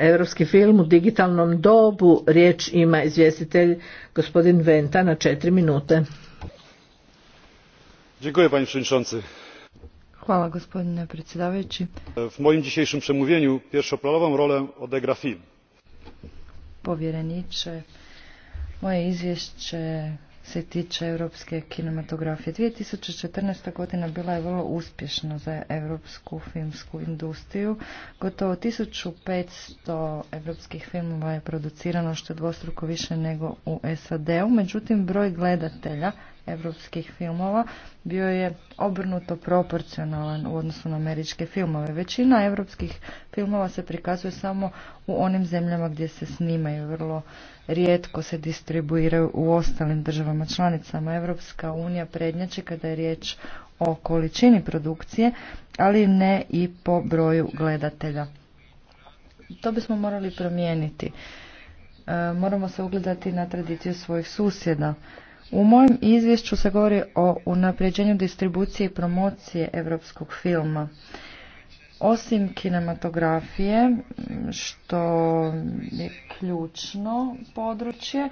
europski film u digitalnom dobu. Riječ ima izvjestitelj gospodin Venta na četiri minute. Dziękuję panie przewodniczący. Hvala gospodine predsjedavajući. W moim dzisiejszym przemówieniu pierwszoplanową rolę odegra film. Povjereniče, moje izvješće se tiče europske kinematografije. 2014. godina bila je vrlo uspješna za europsku filmsku industriju. Gotovo 1500 europskih filmova je producirano što je dvostruko više nego u SAD-u. Međutim, broj gledatelja europskih filmova bio je obrnuto proporcionalan u odnosu na američke filmove. Većina europskih filmova se prikazuje samo u onim zemljama gdje se snimaju, vrlo rijetko se distribuiraju u ostalim državama članicama. evropska unija prednjači kada je riječ o količini produkcije, ali ne i po broju gledatelja. To bismo morali promijeniti. E, moramo se ugledati na tradiciju svojih susjeda u mojem izvješću se govori o unapređenju distribucije i promocije europskog filma. Osim kinematografije, što je ključno područje,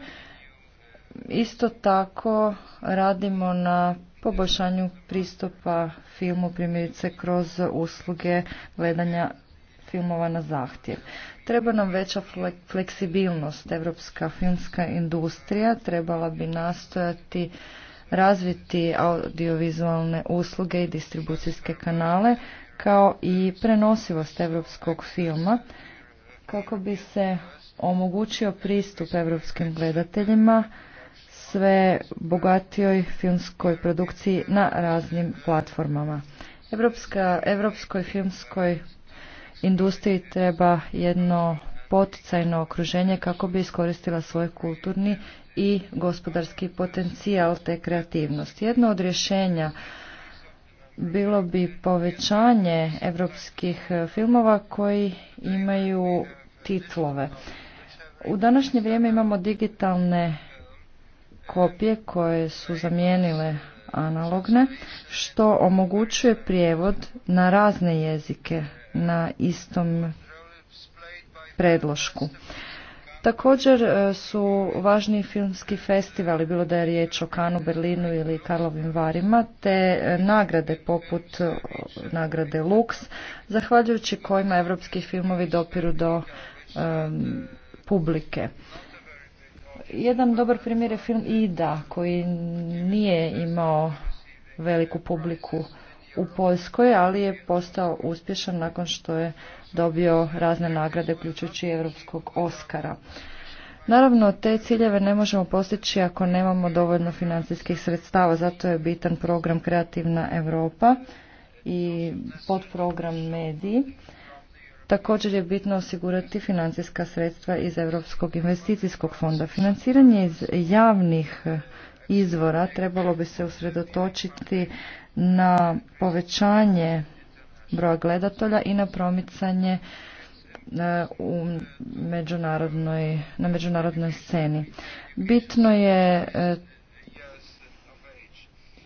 isto tako radimo na poboljšanju pristupa filmu primjerice kroz usluge gledanja filmova na zahtjev. Treba nam veća fleksibilnost. Europska filmska industrija trebala bi nastojati razviti audiovizualne usluge i distribucijske kanale kao i prenosivost europskog filma kako bi se omogućio pristup europskim gledateljima sve bogatijoj filmskoj produkciji na raznim platformama. Evropska, evropskoj filmskoj industriji treba jedno poticajno okruženje kako bi iskoristila svoj kulturni i gospodarski potencijal te kreativnost. Jedno od rješenja bilo bi povećanje evropskih filmova koji imaju titlove. U današnje vrijeme imamo digitalne kopije koje su zamijenile analogne, što omogućuje prijevod na razne jezike na istom predlošku. Također e, su važni filmski festivali, bilo da je riječ o Kanu, Berlinu ili Karlovim Varima, te e, nagrade poput e, nagrade Lux, zahvaljujući kojima evropski filmovi dopiru do publike. Jedan dobar primjer je film Ida koji nije imao veliku publiku u Poljskoj, ali je postao uspješan nakon što je dobio razne nagrade, uključujući Europskog Oscara. Naravno, te ciljeve ne možemo postići ako nemamo dovoljno financijskih sredstava, zato je bitan program Kreativna Europa i podprogram Mediji. Također je bitno osigurati financijska sredstva iz Europskog investicijskog fonda. Financiranje iz javnih e, izvora trebalo bi se usredotočiti na povećanje broja gledatelja i na promicanje e, u međunarodnoj, na međunarodnoj sceni. Bitno je e,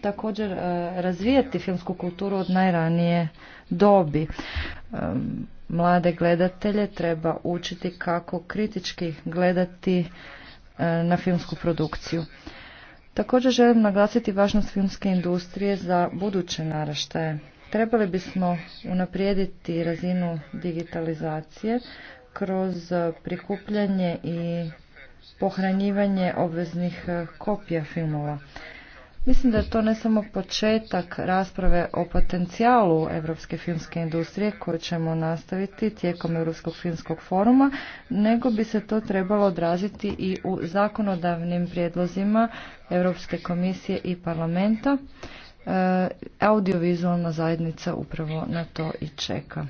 također razvijati filmsku kulturu od najranije dobi mlade gledatelje treba učiti kako kritički gledati e, na filmsku produkciju. Također želim naglasiti važnost filmske industrije za buduće naraštaje. Trebali bismo unaprijediti razinu digitalizacije kroz prikupljanje i pohranjivanje obveznih e, kopija filmova. Mislim da je to ne samo početak rasprave o potencijalu europske filmske industrije koju ćemo nastaviti tijekom Europskog filmskog foruma, nego bi se to trebalo odraziti i u zakonodavnim prijedlozima Europske komisije i parlamenta. E, audiovizualna zajednica upravo na to i čeka.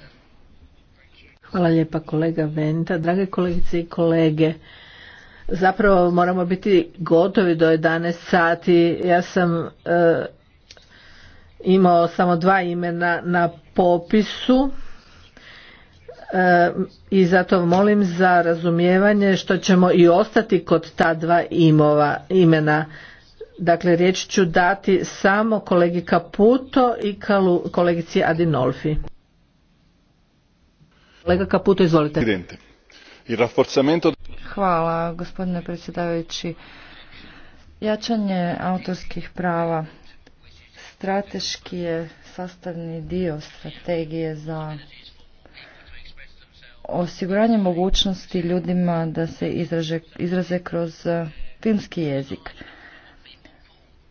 Hvala lijepa kolega Venta. Drage kolegice i kolege, zapravo moramo biti gotovi do 11 sati. Ja sam e, imao samo dva imena na popisu e, i zato molim za razumijevanje što ćemo i ostati kod ta dva imova, imena. Dakle, riječ ću dati samo kolegi Kaputo i kalu, kolegici Adinolfi. Kolega Kaputo, izvolite. Il rafforzamento Hvala, gospodine predsjedavajući. Jačanje autorskih prava strateški je sastavni dio strategije za osiguranje mogućnosti ljudima da se izraže, izraze kroz eh, filmski jezik.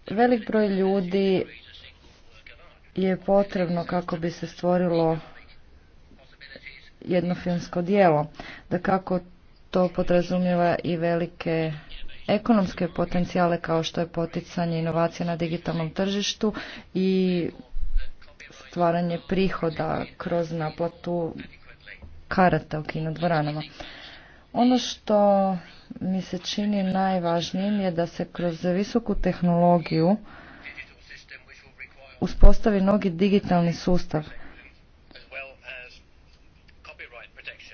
Velik broj ljudi je potrebno kako bi se stvorilo jedno filmsko dijelo. Da kako to podrazumijeva i velike ekonomske potencijale kao što je poticanje inovacija na digitalnom tržištu i stvaranje prihoda kroz naplatu karata u dvoranama. Ono što mi se čini najvažnijim je da se kroz visoku tehnologiju uspostavi nogi digitalni sustav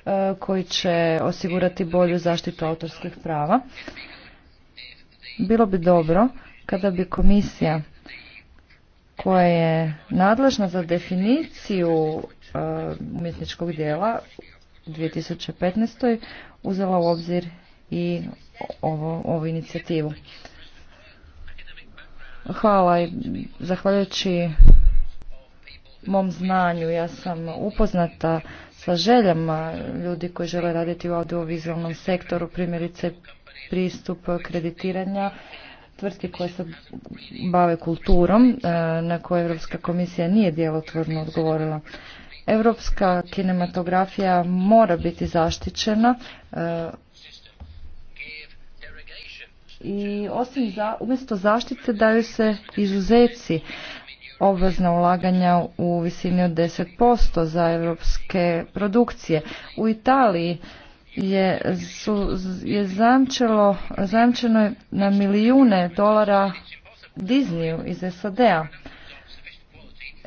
E, koji će osigurati bolju zaštitu autorskih prava. Bilo bi dobro kada bi komisija koja je nadležna za definiciju e, umjetničkog dijela u 2015. uzela u obzir i ovu inicijativu. Hvala i zahvaljujući mom znanju ja sam upoznata sa željama ljudi koji žele raditi u audiovizualnom sektoru, primjerice pristup kreditiranja tvrtki koje se bave kulturom e, na koje Europska komisija nije djelotvorno odgovorila. Europska kinematografija mora biti zaštićena e, i osim za, umjesto zaštite daju se izuzeci obvezna ulaganja u visini od 10% za europske produkcije. U Italiji je, su, je zamčeno na milijune dolara Disneyu iz SAD-a.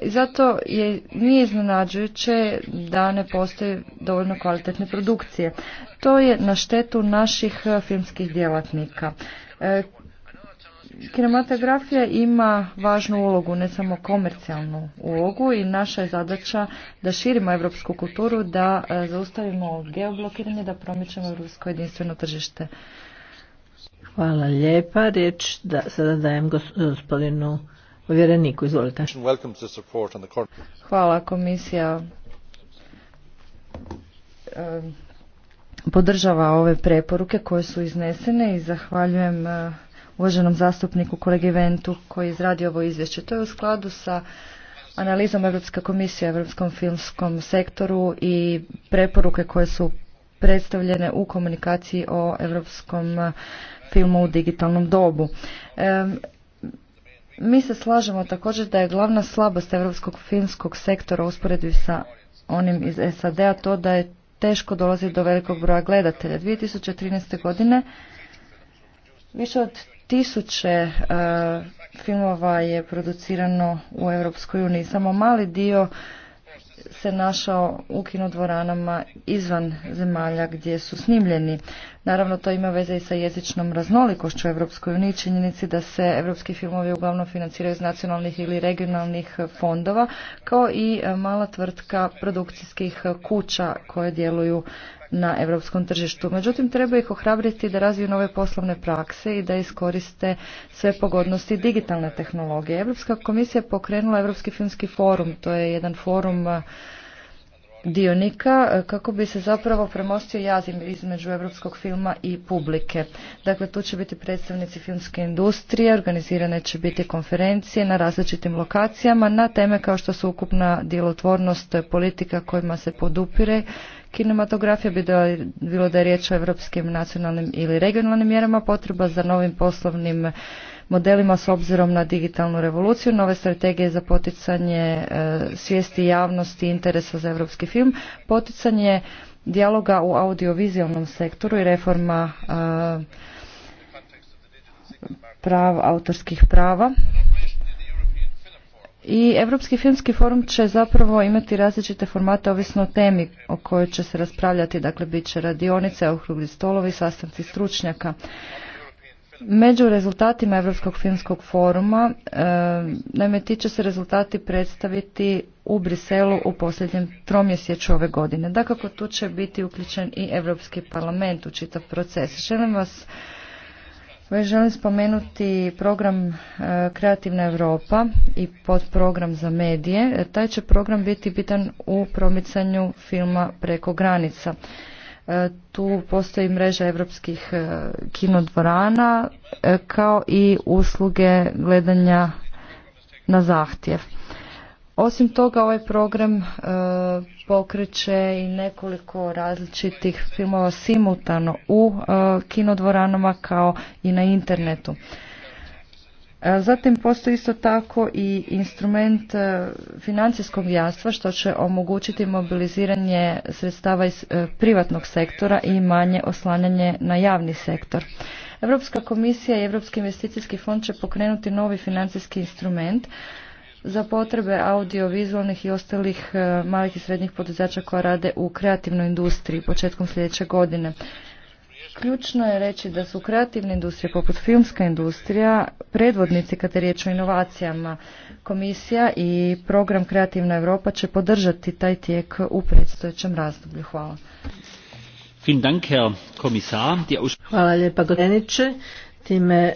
Zato je, nije iznenađujuće da ne postoje dovoljno kvalitetne produkcije. To je na štetu naših filmskih djelatnika e, Kinematografija ima važnu ulogu, ne samo komercijalnu ulogu i naša je zadaća da širimo evropsku kulturu, da e, zaustavimo geoblokiranje, da promičemo evropsko jedinstveno tržište. Hvala lijepa. Riječ da, sada dajem e, gospodinu povjereniku. Izvolite. Hvala komisija. E, podržava ove preporuke koje su iznesene i zahvaljujem uvaženom zastupniku kolegi Ventu koji je izradio ovo izvješće. To je u skladu sa analizom Europske komisije u Europskom filmskom sektoru i preporuke koje su predstavljene u komunikaciji o europskom e, filmu u digitalnom dobu. E, mi se slažemo također da je glavna slabost europskog filmskog sektora usporedbi sa onim iz SAD-a to da je teško dolazi do velikog broja gledatelja. 2013. godine više od tisuće e, filmova je producirano u Europskoj uniji. Samo mali dio se našao u kinodvoranama izvan zemalja gdje su snimljeni. Naravno, to ima veze i sa jezičnom raznolikošću Europskoj uniji, činjenici da se europski filmovi uglavnom financiraju iz nacionalnih ili regionalnih fondova, kao i mala tvrtka produkcijskih kuća koje djeluju na europskom tržištu. Međutim, treba ih ohrabriti da razviju nove poslovne prakse i da iskoriste sve pogodnosti digitalne tehnologije. Europska komisija pokrenula Europski filmski forum, to je jedan forum dionika kako bi se zapravo premostio jazim između europskog filma i publike. Dakle, tu će biti predstavnici filmske industrije, organizirane će biti konferencije na različitim lokacijama na teme kao što su ukupna djelotvornost politika kojima se podupire kinematografija, bi bilo da je riječ o europskim, nacionalnim ili regionalnim mjerama, potreba za novim poslovnim modelima s obzirom na digitalnu revoluciju, nove strategije za poticanje e, svijesti javnosti i interesa za europski film, poticanje dijaloga u audiovizualnom sektoru i reforma e, prav, autorskih prava i Europski filmski forum će zapravo imati različite formate ovisno o temi o kojoj će se raspravljati, dakle bit će radionice, okrugli stolovi, sastanci stručnjaka. Među rezultatima Europskog filmskog foruma, e, naime, ti će se rezultati predstaviti u Briselu u posljednjem tromjesečju ove godine. Dakako, tu će biti uključen i Europski parlament u čitav proces. Želim vas Želim spomenuti program e, Kreativna Europa i podprogram za medije. E, taj će program biti bitan u promicanju filma preko granica. E, tu postoji mreža evropskih kinodvorana kao i usluge gledanja na zahtjev. Osim toga, ovaj program e, pokreće i nekoliko različitih filmova simultano u e, kinodvoranama kao i na internetu. E, zatim postoji isto tako i instrument e, financijskog jastva što će omogućiti mobiliziranje sredstava iz privatnog sektora i manje oslanjanje na javni sektor. Europska komisija i Europski investicijski fond će pokrenuti novi financijski instrument za potrebe audiovizualnih i ostalih e, malih i srednjih poduzeća koja rade u kreativnoj industriji početkom sljedeće godine. Ključno je reći da su kreativne industrije poput filmska industrija predvodnici kada je riječ o inovacijama. Komisija i program Kreativna Europa će podržati taj tijek u predstojećem razdoblju. Hvala. Hvala lijepa Time